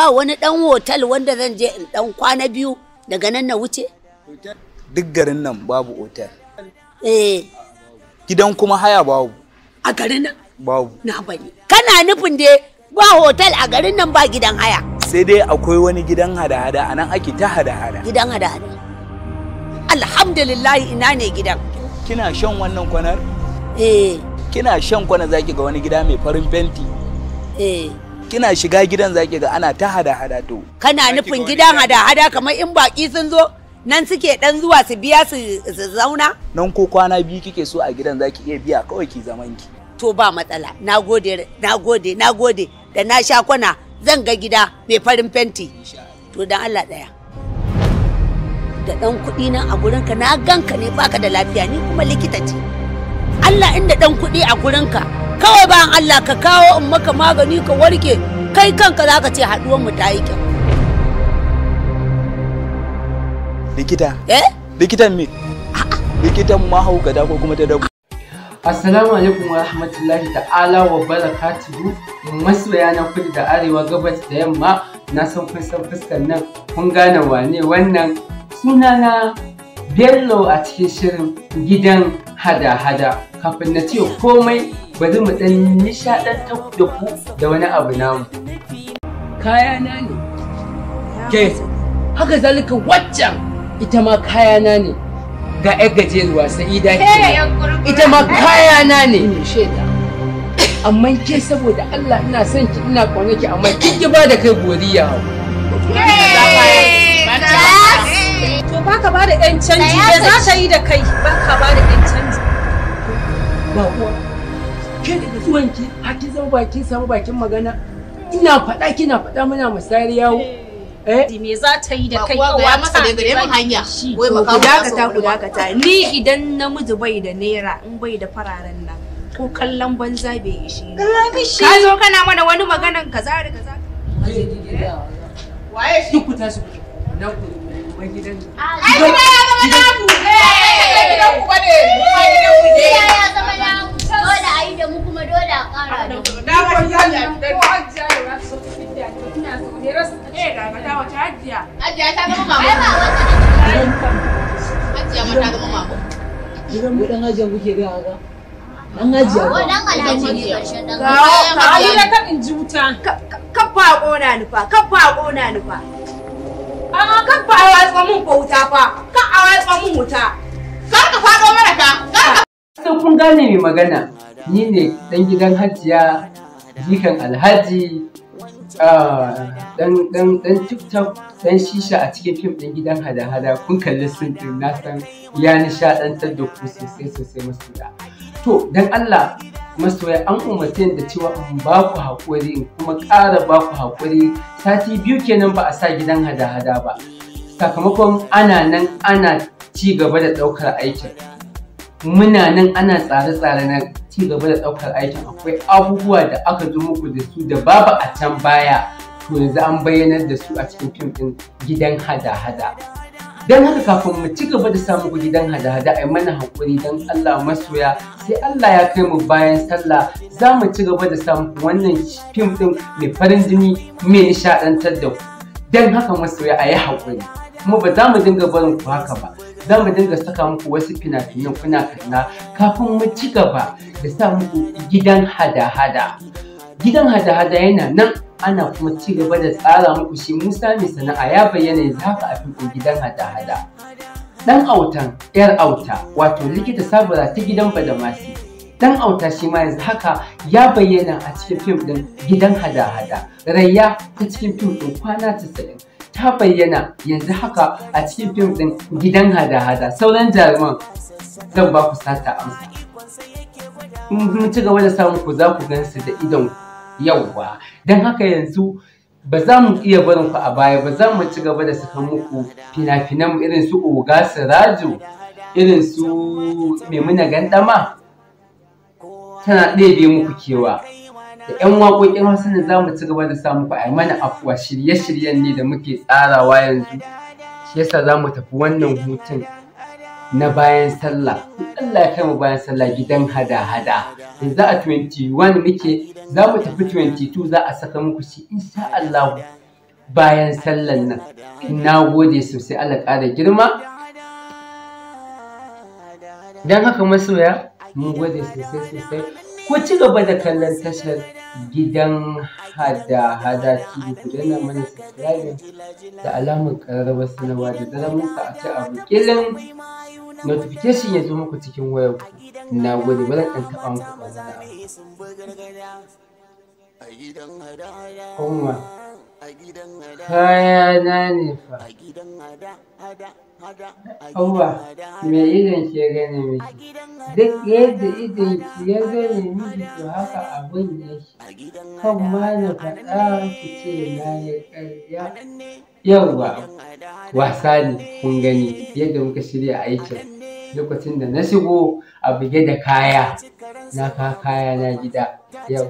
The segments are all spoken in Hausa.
ba wani dan hotel wanda zan je in dan kwana biyu daga nan na wuce duk garin nan babu hotel eh gidan kuma haya babu a garin nan babu na bane kana nufin dai ba hotel a garin nan ba gidan haya sai dai akwai wani gidan hada-hada anan ake ta hada-hada gidan hada-hada alhamdulillah ina ne gidan kina shan wannan kwanar eh kina shan kwanar zaki ga wani gida mai farin fenti eh kina shiga gidan zaki ga ana ta hada-hada to kana nufin gidan hada-hada kamar in baki sun zo nan suke dan zuwa su biya su zauna nan ko kwana biyu kike so a gidan zaki iya biya kawai ki zaman ki to ba matsala nagode nagode nagode da na sha kwana zan ga gida mai farin fenti to dan Allah daya da dan kuɗi nan a gurinka na ganka ne baka da lafiya ni kuma likita ce Allah inda dan kuɗi a gurin ka kawai bayan Allah ka kawo in maka magani ka warke kai kanka za ka ce haɗuwar mu ta yi kyau. Likita? Eh? Likitan me? Likitan mahaukata ko kuma ta dabu. Assalamu alaikum wa rahmatullahi ta'ala wa barakatuhu Mas'u bayanan kudu da arewa gabas da yamma na san kun san fuskar nan kun gane wane wannan sunana bello a cikin shirin gidan hada-hada kafin na ce komai bari mu dan nishadantar da ku da wani abu namu kayana ne ke haka zalika waccan ita ma kayana ne ga yar gajeruwa sa'ida ke ita ma kayana ne sheda amma ke saboda Allah ina son ki ina kwanaki amma kin ki ba da kai goriya hau To ba ka ba da ɗan canji da za ta yi da kai ba ka ba da ɗan canji. Ba kuwa. Ke da zuwanki har ki zama baki samu bakin magana. Ina faɗa kina faɗa muna musayar yawo. Eh, eh? Me za ta yi da kai yau ya masa da gare min hanya. Wai ba ka dakata ku dakata. Ni idan namiji bai da naira in bai da fararen nan. Ko kallon banza bai ishe ni. Ka zo kana mana wani maganan kaza da kaza. Waye shi? Duk ku tashi ku. Na ku. wai gidan ai ya zama namu eh gidan ku bane ai gidan ku ne ya zama namu dole yi da mu kuma dole a kara da N'a wannan ya gidan ku da rasu fidda to ina so ne rasu eh ga ta wata hajjia hajjia ta zama ai ba wata ma ta zama mama gidan mu dan hajjia kuke ga haka dan hajiya ko dan alhaji ne dan ka kan in wuta ka fa kona fa ka fa Amma kan fa a watsa mun ko wuta fa. Kan a watsa mun wuta. Kar ka faɗo mana ka. Sai kun gane mai magana. Ni ne dan gidan Hajiya jikan Alhaji dan ah, tiktok dan shisha a cikin fim din gidan hada-hada kun kalli sun na san ya nishaɗantar da ku sosai sosai masu da to don allah masoya an umarce da cewa in ba ku haƙuri kuma ƙara ba ku haƙuri sati biyu kenan ba a sa gidan hada-hada ba sakamakon ana nan ana ci gaba da ɗaukar aikin muna nan ana tsare-tsare na ci gaba da ɗaukar aikin akwai abubuwa da aka zo muku da su da babu a can baya to yanzu an bayyanar da su a cikin fim ɗin gidan hada-hada don haka kafin mu ci gaba da samu muku gidan hada-hada a mana hakuri don Allah masoya sai Allah ya kai mu bayan sallah za mu ci gaba da samu wannan fim ɗin mai farin jini mai nishaɗantar da ku don haka masoya a yi hakuri kuma ba za mu dinga barin ku haka ba za mu dinga saka muku wasu fina kuna kalla kafin mu ci gaba da sa muku gidan hada-hada gidan hada-hada yana nan ana kuma ci gaba da tsara muku shi Musa mai sana'a ya bayyana yanzu haka a fiko gidan hada-hada. Dan autan ‘yar auta wato likita sabura ta gidan Badamasi. Dan auta shi ma yanzu haka ya bayyana a cikin fim ɗin gidan hada-hada. Rayya ta cikin fim ɗin kwana 90 ta bayyana yanzu haka a cikin fim ɗin gidan hada-hada sauran jaruman zan ba ku sata amsa. In ci gaba da samun ku za ku gan su da idon ku. yauwa don haka yanzu ba za mu iya barin ku a baya ba za mu ci gaba da saka muku fina-finan irin su oga sirajo irin su maimuna gandama tana ɗebe muku kewa da 'yan waƙoƙin hausa ne za mu ci gaba da samu ku a yi mana afuwa shirye-shiryen ne da muke tsarawa yanzu shi yasa za mu tafi wannan hutun na bayan sallah Allah ya kama bayan sallah gidan hada-hada za a 21 muke za mu tafi 22 za a saka muku shi insha Allah bayan sallan nan na gode sosai Allah ƙara girma don haka masoya mun gode sosai sosai ku ci gaba da kallon tashar gidan hada-hada TV ku daina mana subscribe da alamar ƙararrawar sanarwa da zarar mun sa a ci abu kilin notification ya zo muku cikin wayar ku na gode bari ɗan taba muku hada kuma kaya na ne fa Hauwa, me shi ya gane miki? Duk yadda idan ya gane miki to haka abin yake. Kan ma na faɗa ki ce na yi ƙarya. Yawwa, wasa ne kun gani yadda muka shirya aikin. lokacin da na shigo a buge da kaya na ka kaya na gida yau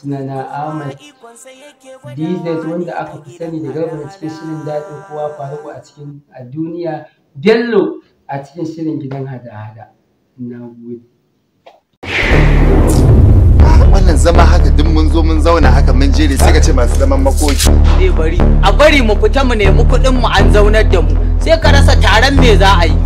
suna na ahmad dz wanda aka fi sani da garba cikin shirin daɗin kowa faruwa a cikin a duniya bello a cikin shirin gidan hada-hada na gode wannan zama haka duk mun zo mun zauna haka mun jere sai ka ce masu zaman makoki bari a bari mu fita mu nemi kuɗin mu an zaunar da mu sai ka rasa taron me za a yi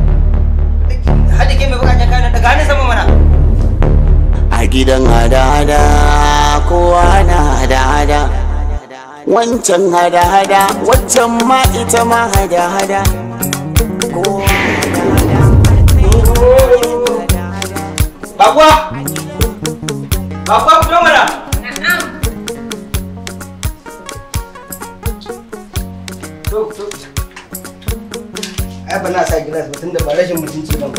dake mai mana a gidan hada-hada kowa na hada-hada wancan hada-hada ma ita ma hada-hada Bagwa! Bagwa mana! Ai ba na sa gilas ba tunda ba rashin mutunci ba.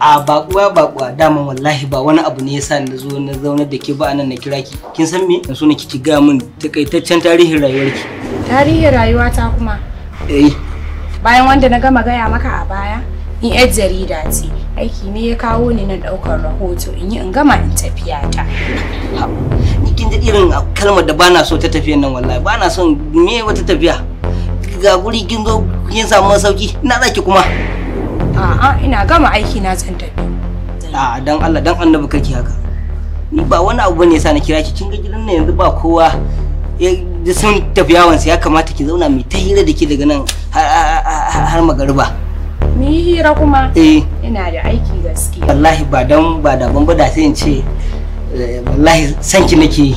a bakuwa baƙuwa dama wallahi ba wani abu ne yasa na zo na zauna da ke ba anan na kira ki kin san me in so na kiki ga min takaitaccen tarihin rayuwarki tarihin rayuwata kuma eh bayan wanda na gama gaya maka a baya in yar jarida ce aiki ne ya kawo ni na daukar rahoto in yi in gama in tafiya ta kin ji irin kalmar da bana so ta tafiyan nan wallahi bana son me wata tafiya ga guri kin zo kin samu masauki ina zaki kuma a'a ina gama aiki na zan tafi a'a dan Allah dan annabi kake haka ni ba wani abu bane yasa na kira ki kin ga gidan nan yanzu ba kowa da sun tafi yawon ya kamata ki zauna mai ta hira da ke daga nan har magariba ni hira kuma eh ina da aiki gaskiya wallahi ba dan ba da ban da sai in ce eh, wallahi sanki nake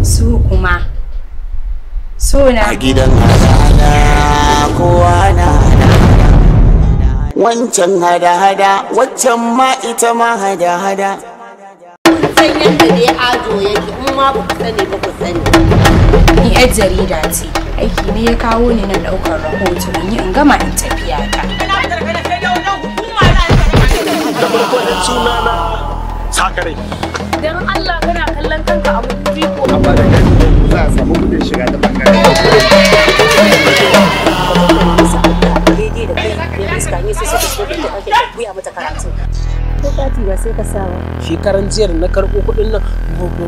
su kuma suna a gidan hada-hada kowa na hada wancan hada-hada waccan ma ita ma hada-hada da ajo yake in ma ba ku sani ba sani ni yar jarida ce aiki ne ya kawo ni na ɗaukar rahoto ni in gama in tafiya ta da don allah kana kallon kanka a a za a samu kudin shiga ta bangare shekaran jiyar na karɓo kuɗin nan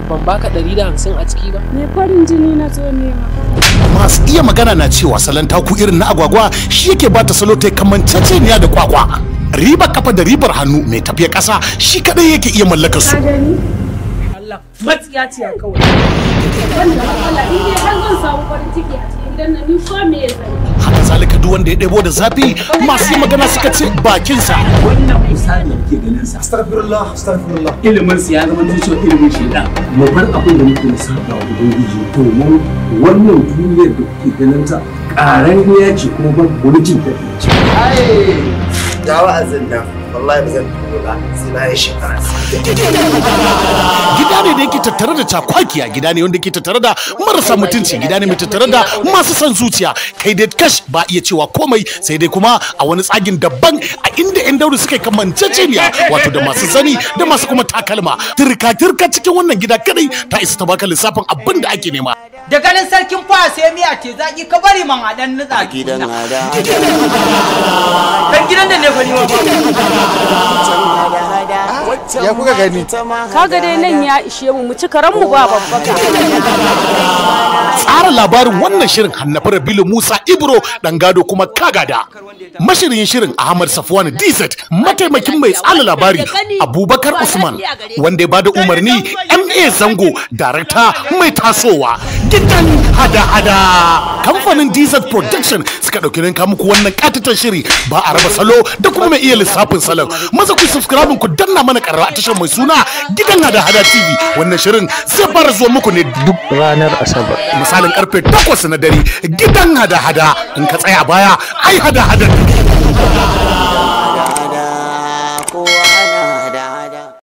ban baka ɗari da hamsin a ciki ba me farin jini na zo nema masu iya magana na cewa salon taku irin na agwagwa shi yake bata salo ta kamanceceniya da kwakwa ribar kafa da ribar hannu mai tafiya ƙasa shi kaɗai yake iya mallakar su gidan matsiya ce a kawai. Wannan matsala in dai har zan samu farin ciki a cikin gidan nan ni fa me zai. Haka zalika duk wanda ya ɗebo da zafi masu yi magana suka ce bakinsa. Wannan kusa ne kake ganin sa. Astagfirullah, astagfirullah. Ilimin sa ya zama zuciyar ilimin shaidan. Mu bar abin da muke lissafa wa Ubangiji domin wannan duniyar da kuke ganin ta ƙaran ya ce kuma babu wani jin daɗi ce. Ai, ga wa'azin nan. wallahi ba zan tuno ba sai na yi shekara gida ne da yake tattare da cakwakiya gida ne wanda yake tattare da marasa mutunci gida ne mai tattare da masu son zuciya kai dai kash ba iya cewa komai sai dai kuma a wani tsagin dabban a inda yan dauri suka kamanceceniya wato da masu sani da masu kuma takalma turka turka cikin wannan gida kadai ta isa ta baka lissafin abin da ake nema da ganin sarkin fa sai miya ce zaki ka bari man hadan nutsa gidan hada dan gidan da ne fa ni ya kuka gani kaga dai nan ya ishe mu mu ci karan mu ba babbaka tsara labarin wannan shirin hannafa rabilu musa ibro dan gado kuma kagada Mashirin shirin Ahmad Safwan DZ mataimakin mai tsala labari Abubakar Usman wanda ya bada umarni MA Zango darakta mai tasowa gidan hada-hada kamfanin DZ Production suka dauki ranka muku wannan katatar shiri ba a raba salo da kuma mai iya lissafin salon maza ku subscribe ku danna mana karara a tashar mai suna gidan hada-hada TV wannan shirin zai fara zuwa muku ne duk ranar asabar misalin karfe 8 na dare gidan hada-hada in ka tsaya baya ai hada-hada Ha ha ha!